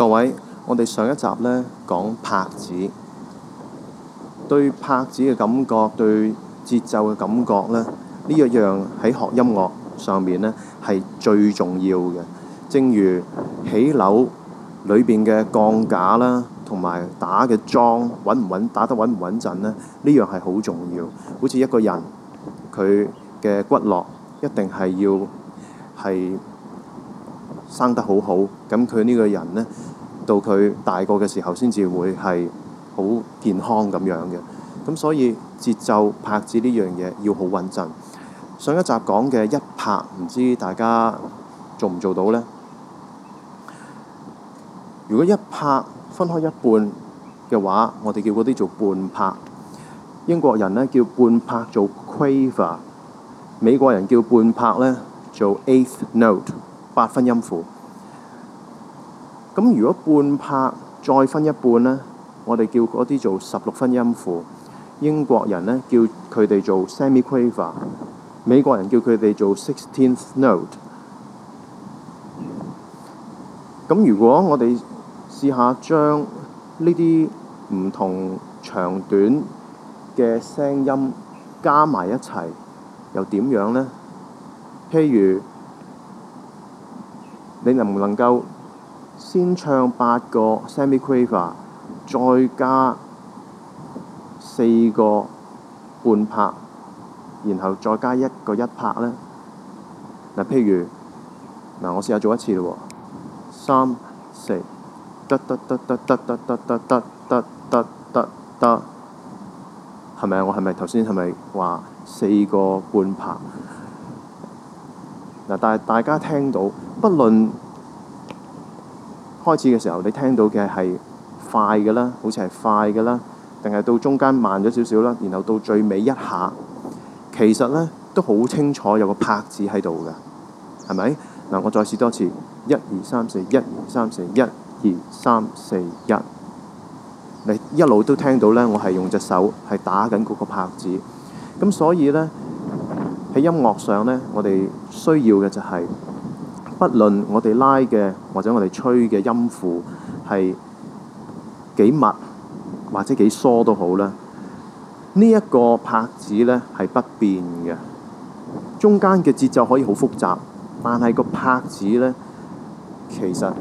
各位，我哋上一集呢講拍子，對拍子嘅感覺，對節奏嘅感覺呢，呢一樣喺學音樂上面呢係最重要嘅。正如起樓裏邊嘅鋼架啦，同埋打嘅樁穩唔穩，打得穩唔穩陣呢，呢樣係好重要。好似一個人，佢嘅骨骼一定係要係生得好好，咁佢呢個人呢，到佢大個嘅時候，先至會係好健康咁樣嘅。咁所以節奏拍子呢樣嘢要好穩陣。上一集講嘅一拍，唔知大家做唔做到呢？如果一拍分開一半嘅話，我哋叫嗰啲做半拍。英國人呢叫半拍做 quaver，美國人叫半拍呢做 eighth note，八分音符。咁如果半拍再分一半呢，我哋叫嗰啲做十六分音符。英國人呢叫佢哋做 semi quaver，美國人叫佢哋做 sixteenth note。咁如果我哋試下將呢啲唔同長短嘅聲音加埋一齊，又點樣呢，譬如你能唔能夠。先唱八個 semi quaver，再加四個半拍，然後再加一個一拍呢？嗱，譬如嗱，我試下做一次咯喎。三、四、得得得得得得得得得得得得，係咪？我係咪頭先係咪話四個半拍？嗱，但係大家聽到，不論。開始嘅時候，你聽到嘅係快嘅啦，好似係快嘅啦，定係到中間慢咗少少啦，然後到最尾一下，其實呢都好清楚有個拍子喺度嘅，係咪？嗱，我再試多次，一二三四，一二三四，一二三四一，你一路都聽到呢，我係用隻手係打緊嗰個拍子，咁所以呢，喺音樂上呢，我哋需要嘅就係、是。不論我哋拉嘅或者我哋吹嘅音符係幾密或者幾疏都好啦，呢一個拍子咧係不變嘅。中間嘅節奏可以好複雜，但係個拍子咧其實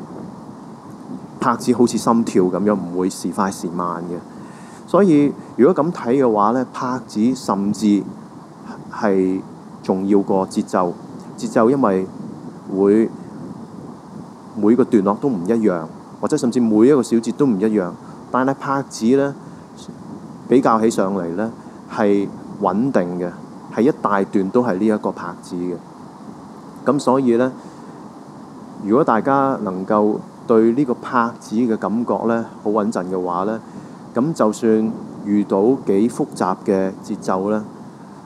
拍子好似心跳咁樣，唔會時快時慢嘅。所以如果咁睇嘅話咧，拍子甚至係重要過節奏。節奏因為會每個段落都唔一樣，或者甚至每一個小節都唔一樣，但係拍子呢，比較起上嚟呢，係穩定嘅，係一大段都係呢一個拍子嘅。咁所以呢，如果大家能夠對呢個拍子嘅感覺呢，好穩陣嘅話呢，咁就算遇到幾複雜嘅節奏呢，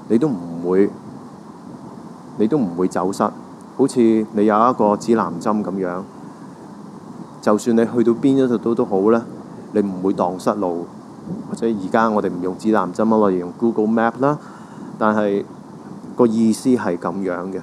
你都唔會，你都唔會走失。好似你有一個指南針咁樣，就算你去到邊一度都好咧，你唔會蕩失路。或者而家我哋唔用指南針啦，我哋用 Google Map 啦，但係個意思係咁樣嘅。